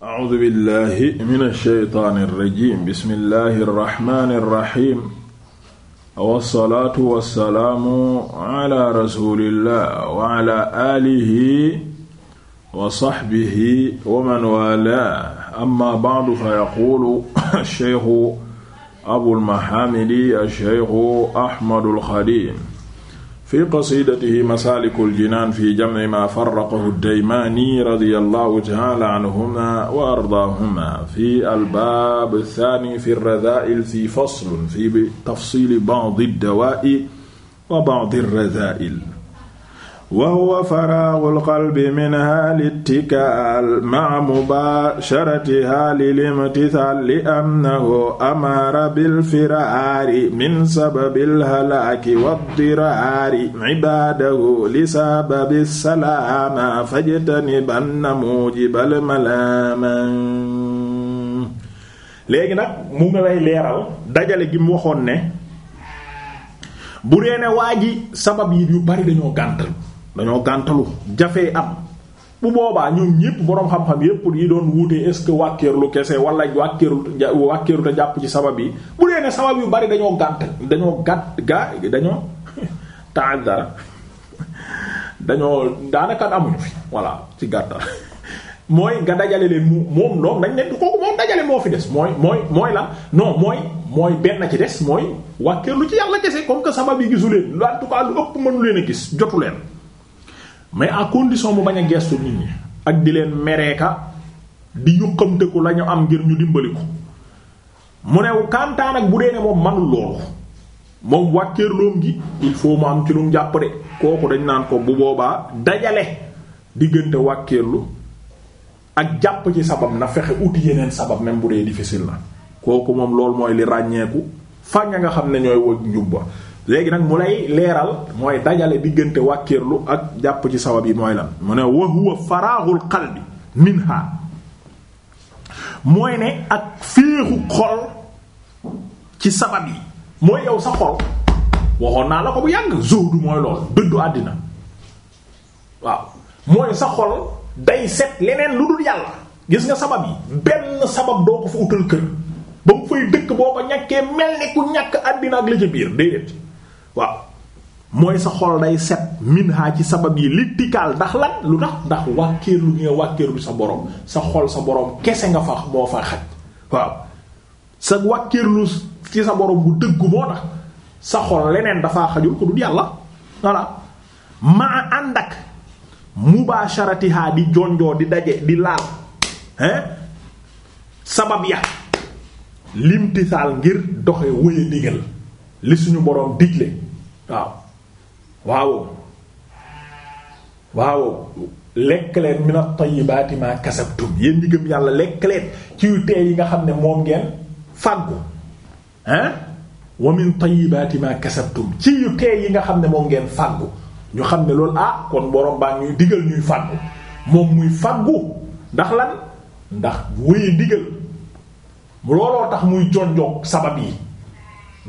a'uudu billahi mina shaytaani rajiim bismillahi rahmaani rahiim wassalaatu wassalaamu ala rasulillah wa ala aalihi wa saxbihi wa man waalaahu amma ba'du fa yaquulu ash-shaykhu abul mahaamidi ash-shaykhu ahmadul xadiim fi qasidatihi masaalikul jinaan fi jamci maa farraqahu daymaani radiyallahu ta'aala anhumaa wa ardaahumaa fi albaab ath-thaani fi ar-radaa'il fi faslun fi tafsiili ba'di ad-dawaa'i wa ba'di ar-radaa'il wa huwa faraaxul qalbi minha litikaal ma'a mubaasharatiha lilimtithaal li annahu amaara bilfiraari min sababil halaaki waddiraari ibaadahu li sababi salaama fajtanibanna muujibal malaama léegi nag mu ngi lay leeral dajale gi mu waxoon ne bu dee waa ji sabab yi yu bari dañoo gàntal dañoo gàntalu jafee am bu boobaa ñoom ñépp boroom xam-xam yépp yi doon wuute est-ce que wàkkeerlu kese wala wàkkeerut wàkkeeru a jàpp ci sabab yi bu dee ne sabab yu bari dañoo gànt dañoo gàtt ga dañoo ta'azzara dañoo daanaka amuñu fi voilà ci gàttal mooy nga dajale leen mu moom loom dañ ne kooku moom dajale moo fi des mooy mooy mooy la non mooy mooy benn ci des mooy wàkkeerlu ci yàlla kese comme que sabab yi gisu leen en tout ëpp mënu leen gis jotu leen mais à condition mu bañ a gestu nit ñi ak di leen mereeka di yuqamteku la ñu am ngir ñu dimbali ko mu new kantaan ak bu dee ne moom manul loolu moom wàcceerloom gi il faut mu am ci lu jàpp de kooku dañu naan ko bu boobaa dajale diggante wàcceerlu ak jàpp ci sabab na fexe uti yeneen sabab même bu dee difficile na kooku moom loolu mooy li ràññeeku fàñña nga xam ne ñooy wëg njubba léegi nag mu lay leeral mooy dajale diggante wàkkirlu ak jàpp ci sabab yi mooy la mu ne wa huwa faraaxul qalbi minha mooy ne ak féexu xol ci sabab yi mooy yow sa xol waxoon naa la ko bu yàgg zuhdu mooy lool dëddu àddina waaw mooy sa xol day set leneen lu dul yàlla gis nga sabab yi benn sabab doo ko fa utal kër ba mu fay dëkk boo ko ñàkkee mel ni ku ñàkk àddina ak la ca biir déedéet waaw mooy sa xol day set min ha ci sabab yi littikaal ndax lan lu tax ndax wàkkeerlu nga wàkkeerlu sa borom sa xol sa borom kese nga fa moo fa xaj waaw sa wàkkeerlu ci sa borom bu dëggu moo sa xol leneen dafa xajul ko dul yàlla voilà maa ànd ak mubaasharatiha di jonjoo di daje di laal hein sabab ya limtisaal ngir doxe wëye ndigal li suñu borom digle waaw waaw waaw lekk leen min at-tayyibaati ma kasabtum yéen ñi yàlla lekk leen ci yu tee yi nga xam ne moom ngeen fàggu hein wa min tayyibaati ma ci yu tee yi nga xam ne moom ngeen fàggu ñu xam ne loolu ah kon borom baa ñuy digal ñuy fàggu moom muy fàggu ndax lan ndax wéye digal looloo tax muy jonjoog sabab yi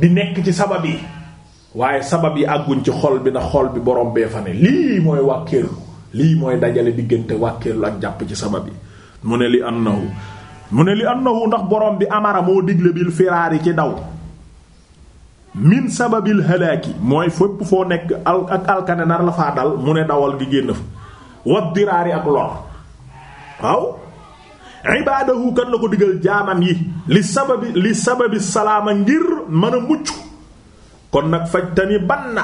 di nekk ci sabab yi waaye sabab yi àgguñ ci xol bi na xol bi borom bee fa ne lii mooy wàkkeelu lii mooy dajale diggante wàkkeelu ak jàpp ci sabab yi mu ne li annahu mu ne li annahu ndax borom bi amara moo digle bil yi ci daw min sababil halaaki mooy fépp foo nekk ak alkane nar la faa dal mu ne dawal gi génn fa wat diraari ak lor waaw ibaadahu kan la ko digal jaaman yi li sababi li sababi salaama ngir mën a mucc kon nag faj tani ban na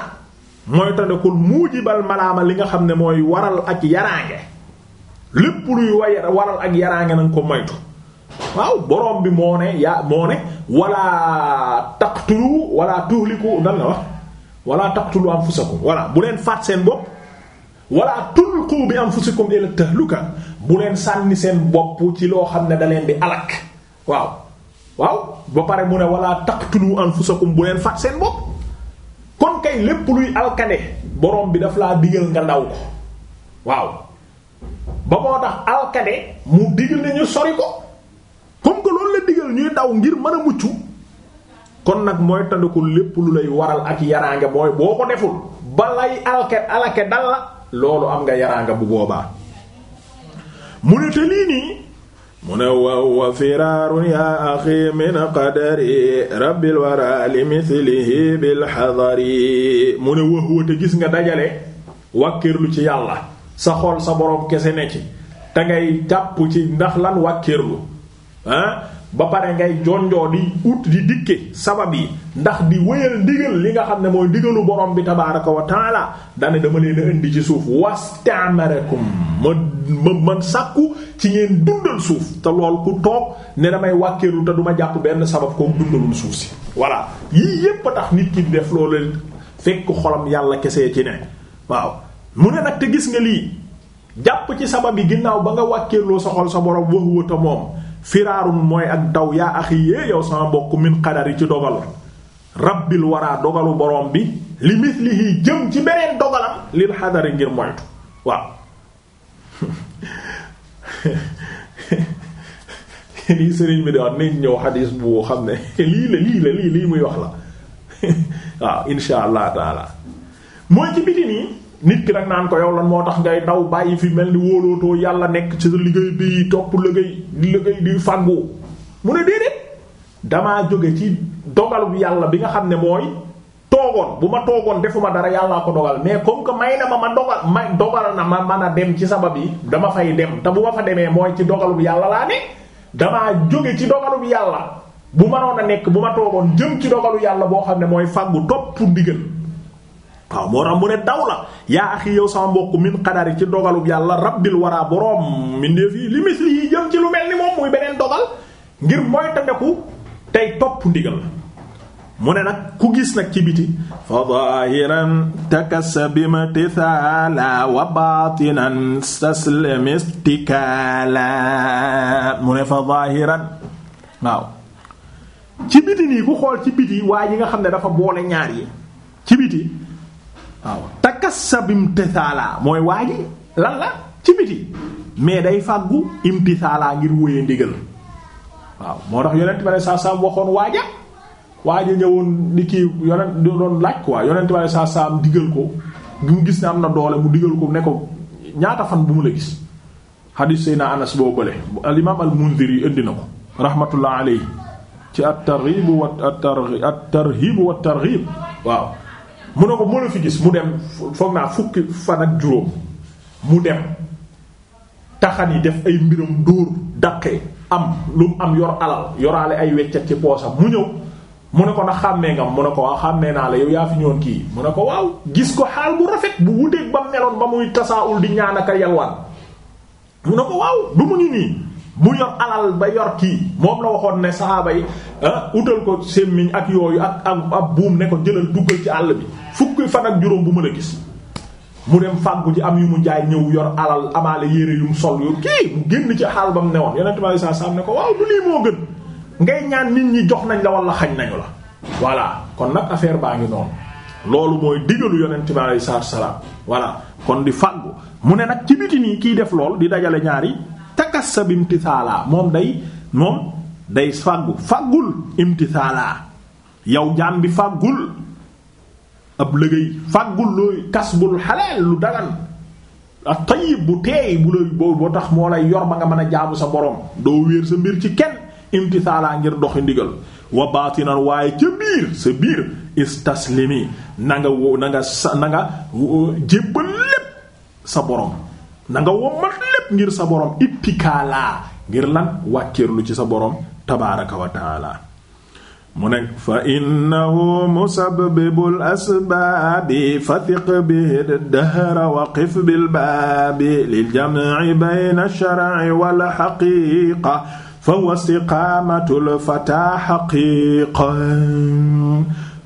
mooy tandekul muujibal malaama li nga xam ne mooy waral ak yaraange lépp luy waral ak yaraange nañ ko moytu waaw borom bi moo ne yaa moo ne wala taqtulu wala tuhliku nan la wax wala taqtulu anfusakum wala bu leen faat seen bopp wala tulqu bi anfusikum ila tahluka bu leen sànni seen bopp ci loo xam ne da leen di alak waaw waaw ba pare mu ne wala taqtulu anfusakum bu leen faat seen bopp kay lépp luy alkande borom bi daf laa digal nga ndaw ko waaw ba moo tax alkade mu digal ne ñu sori ko comme que loolu la digal ñuy daw ngir mën a mucc kon nag mooy tandikul lépp lu lay waral ak yaraange mooy boo ko deful ba lay alke alake dal la loolu am nga yaraanga bu boobaa mu ne te mu ne wa firaarun yaa axi min qadari rabbil wara li mithlihi bil xadari mu ne wëhwa te gis nga dajale wàkkirlu ci yàlla sa xol sa borom kese ne ci te ngay tàpp ci ndax lan wàkkirlu ah ba pare ngay jonjoo di ut di dikke sabab yi ndax di wéyal ndigal li nga xam ne mooy ndigalu borom bi tabaaraka wa taala dane dama leen a indi ci suuf wastamarakum ma man sàkku ci ngeen dundal suuf te lool ku toog ne damay wàkkeelu te du ma jàpp benn sabab kook dundalul suuf si voilà yii yépp a tax nit ki def loolu fekk xolam yàlla kese ci ne waaw mu ne nag te gis nga lii jàpp ci sabab yi ginnaaw ba nga wàkkeeloo sa xol sa borom waxuwa ta moom firaarun mooy ak daw yaa axi yee yow sama mbokk min xadar yi ci dogal rabbil waraa dogalu borom bi li mislihi jëm ci beneen dogalam lil xadari ngir moytu waaw lii sëriñ bi di wax nañ ñëw xadiis bu xam ne lii la lii la lii lii muy wax la waaw insha mooy ci biti nii nit ki nag naan ko yow lan moo tax ngay daw bàyyi fi mel ni wóolootoo yàlla nekk ci sa liggéey bi topp liggéey di di fàggu mu ne déedéet damaa jóge ci dogalu yàlla bi nga xam ne mooy toogoon bu ma toogoon defuma dara yàllaa ko dogal mais comme que may na ma ma dogal ma dogal na ma man a dem ci sabab yi dama fay dem te bu ma fa demee mooy ci dogalub yàlla laa ne damaa ci dogalub yàlla bu manoon a nekk bu ma toogoon jëm ci dogalu yàlla boo xam ne mooy fàggu topp ndigal waaw moo tax bu ne daw la yaa axi yow sama mbokk min xadari ci dogalub yàlla bi lu waraa boroom mindeef yi fii misli yi jëm ci lu mel ni moom muy beneen dogal ngir mooy tandeku tey topp ndigal mu ne nag ku gis nag ci biti fa zahiran takasabimtithala wa batinan staslamistikala mu ne fa zahiran waaw ci biti nii ku xool ci biti waa yi nga xam ne dafa boole ñaar yi ci biti waaw takasabimtithala mooy waa ji lan la ci biti mais day fàggu imtithala ngir wóye ndigal waaw moo tax yonent ba ne saa saa waxoon waaja waa ji ñëwoon di kii yonent doon laaj quoi yonent bi saa saa am digal ko bi mu gis ne am na doole mu digal ko ne ko ñaata fan bu mu la gis. hadis Seyna Anas boo bële al al Munziri yi indi na ko rahmatullah alayhi ci at-targhib wa at-targhib at-tarhib wa at waaw. mu ne ko mën a fi gis mu dem foog naa fukki fan ak juróom mu dem taxan yi def ay mbiram dóor daqee am lu mu am yor alal yoraale ay weccat ci poosam mu ñëw. mu ne ko na xàmmee ngam mu ne ko waaw xàmmee naa la yow yaa fi ñoon kii mu ne ko waaw gis ko xaal bu rafet bu wuteeg ba meloon ba muy tasaawul di ñaan ak a yalwaan mu ne ko waaw du mu ngi nii mu yor alal ba yor kii moom waxoon ne saxaaba yi ah, utal ko semmiñ ak yooyu ak ak ab buum ko jëlal duggal ci àll bi fukki fan ak juróom bu ma la gis mu dem am yu mu jaay ñëw yor alal amaale yére yu mu sol yu kii mu génn ci xaal ba mu newoon yonent bi sallallahu alayhi wasallam ne ko waaw du lii moo gën ngay ñaan nit ñi jox nañ la wala xañ nañu la voilà kon nag affaire baa ngi noonu loolu mooy digalu yonent bi alayhi salaatu salaam voilà kon di fàggu mu ne nag ci biti nii kiy def lool di dajale ñaari sa bi imtisaalaa moom day moom day fàggu fàggul imtisaalaa yow jaam bi fàggul ab liggéey fàggul looy kasbul halal lu dagan ak tayyib bu teey bu lay boo boo tax moo lay yor ba nga mën a jaamu sa boroom doo wéer sa mbir ci kenn imtisaalaa ngir doxi ndigal wa baatinan waaye ca biir sa biir istaslimi na nga wo na nga sa na nga uh, jébbal lépp sa borom na nga wommat lépp ngir sa borom ittikaalaa ngir lan wàcceerlu ci sa borom tabaaraka wa taala mu nekk fa innahu musabbibul asbaabi fathiq bihi dahra waqif bil baabi lil jam'i bayna shar'i wal haqiqa fa huwa istiqaamatul fataa xaqiiqa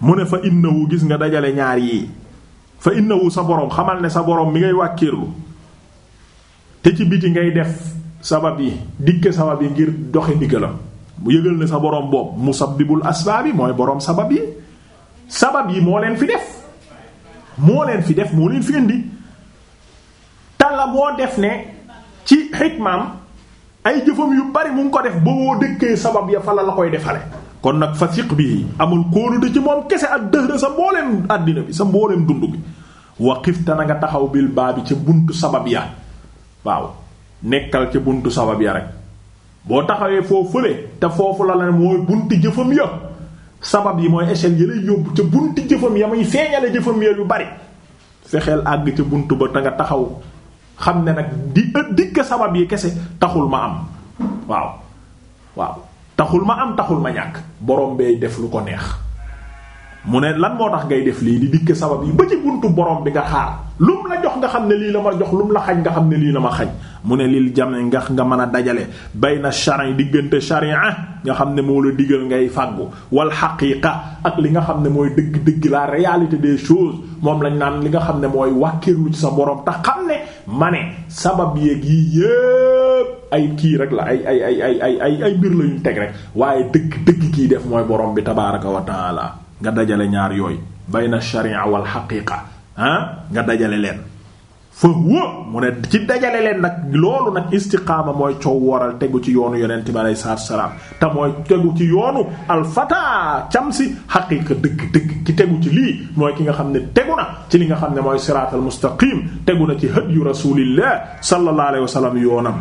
mu ne fa innahu gis nga dajale ñaar yii fa innahu sa boroom xamal ne sa boroom mi ngay wàkkiirlu te ci biti ngay def sabab yi dikke sabab yi ngir doxe ndigalam mu yëgal ne sa boroom boobu musabbibul asbaab mooy boroom sabab yi sabab yi moo leen fi def moo leen fi def moo leen fi indi talla boo def ne ci xikmaam ay jëfam yu bari mu ngi ko def boo dëkkee sabab ya fala la koy defale kon nag fa fasiq bi amul kóolute ci moom kese ak dëhra sa mbooleem àddina bi sa mbooleem dund bi waqifta na nga taxaw bil baa bi ca buntu sabab ya waaw nekkal ca buntu sabab ya rek boo taxawee foo fële te foofu la la ne mooy bunti jëfam ya sabab yi mooy échelle yi lay yóbbu ca bunti jëfam ya muy feeñale jëfam ya yu bari fexeel àgg ca buntu ba te nga taxaw xam ne nag di dikk sabab yi kese taxul ma am waaw waaw taxul ma am taxul ma ñàkk borom bee def lu ko neex mu ne lan moo tax ngay def lii di dikke sabab yi ba ci buntu borom bi nga xaar lum la jox nga xam ne lii la ma jox lum la xañ nga xam ne lii la ma xañ mu ne lil jame ngax nga mën a dajale bayna charin diggante charia nga xam ne moo la digal ngay fàggu wal xaqiqa ak li nga xam ne mooy dëgg-dëgg la réalité de choses moom lañ naan li nga xam ne mooy wàkkiirlu ci sa borom tax xam ne ma ne sabab yéeg yii yépp ay kii rek la ay ay ay ay ay ay mbir la ñu teg rek waaye dëgg dëgg kii def mooy borom bi tabaraka wa taala nga dajale ñaar yooyu bayna sharia wal xaqiqa ah, nga dajale leen fa huwa mu ne ci dajale leen nag loolu nag istiqaama mooy coow waral tegu ci yoonu yonent bi aleyhi salaatu salaam te mooy tegu ci yoonu alfata cam si xaqiqa dëkk dëgg ki tegu ci lii mooy ki nga xam ne tegu na ci li nga xam ne mooy siraatal mustaqim tegu na ci hadyu rasulillah sallallahu alayhi wa sallam yoonam